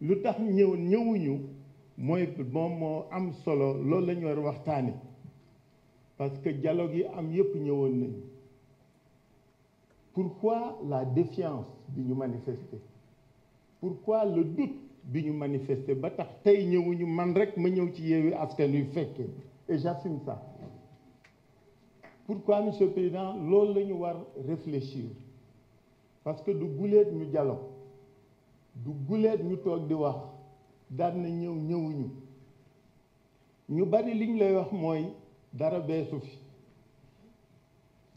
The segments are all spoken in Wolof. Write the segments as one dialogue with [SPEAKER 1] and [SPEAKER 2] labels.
[SPEAKER 1] lu tax ñewuñu moy mooy moom am solo loolu lañu war waxtani parce que dialogue yi am yépp ñëwoon nañ pourquoi la défiance bi ñu manifester pourquoi le doute bi ñu manifester ba tax tey ñewuñu man rek ma ñew ci Yewwi Askan Wi fekkee et j'assume ça pourquoi monsieur président loolu lañu war réfléchir parce que du guleet ñu dialogue du guleet ñu toog di wax daan na ñëw ñëwuñu ñu bari liñ lay wax mooy dara beesu fi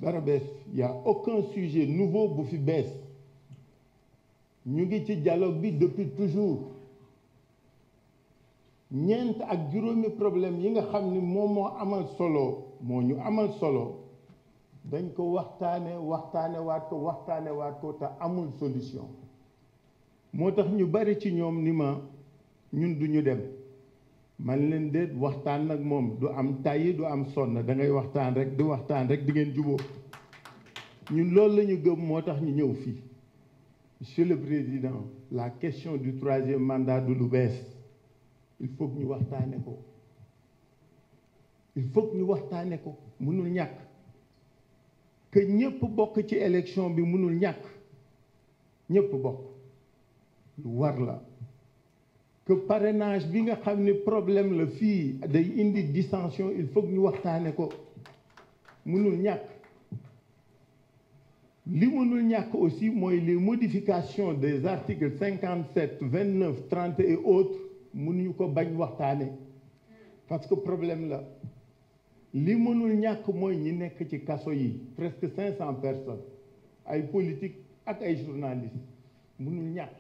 [SPEAKER 1] dara bees y a aucun sujet nouveau bu fi bees ñu ngi ci dialogue bi depuis toujours ñeent ak juróomi problème yi nga xam ni moom moo amal solo moo ñu amal solo dañ ko waxtaane waxtaane waat ko waxtaane waat ko te amul solution motax ñu bari ci ñom ni ma ñun duñu dem man leen deet waxtaan nak mom du am tayi du am sonn da ngay waxtaan rek di waxtaan rek di ngeen juboo ñun loolu lañu gëm motax ñu ñew fi monsieur le président la question du troisième mandat du lu il faut que ñu waxtaane ko il faut que ñu waxtaane ko mënul ñak que ñepp bok ci élection bi mënul ñak ñepp bok là que parrainage bi nga xamné problème le fi de indi dissension il faut que ñu waxtane ko mënul ñak li mënul ñak aussi moy les modifications des articles 57 29 30 et autres nous ko bañ waxtane parce que problème là li mënul ñak moy ñi nekk ci kasso yi presque 500 personnes ay politiques et ay journalistes mënul ñak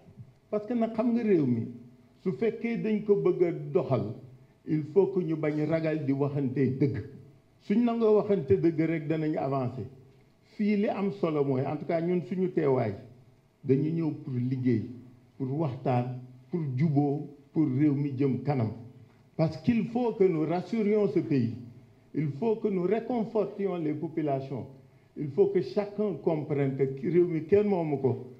[SPEAKER 1] parce que nag xam nga réew mi su fekkee dañ ko bëgg a doxal il faut que ñu bañ ragal di waxante dëgg suñ nango waxante dëgg rek danañ avancer fii li am solo mooy en tout cas ñun suñu teewaay dañu ñëw pour liggéey pour waxtaan pour juboo pour réew mi jëm kanam parce qu'il faut que nous rassurions ce pays il faut que nous réconfortions les populations il faut que chacun comprenne que réew mi kenn moomu ko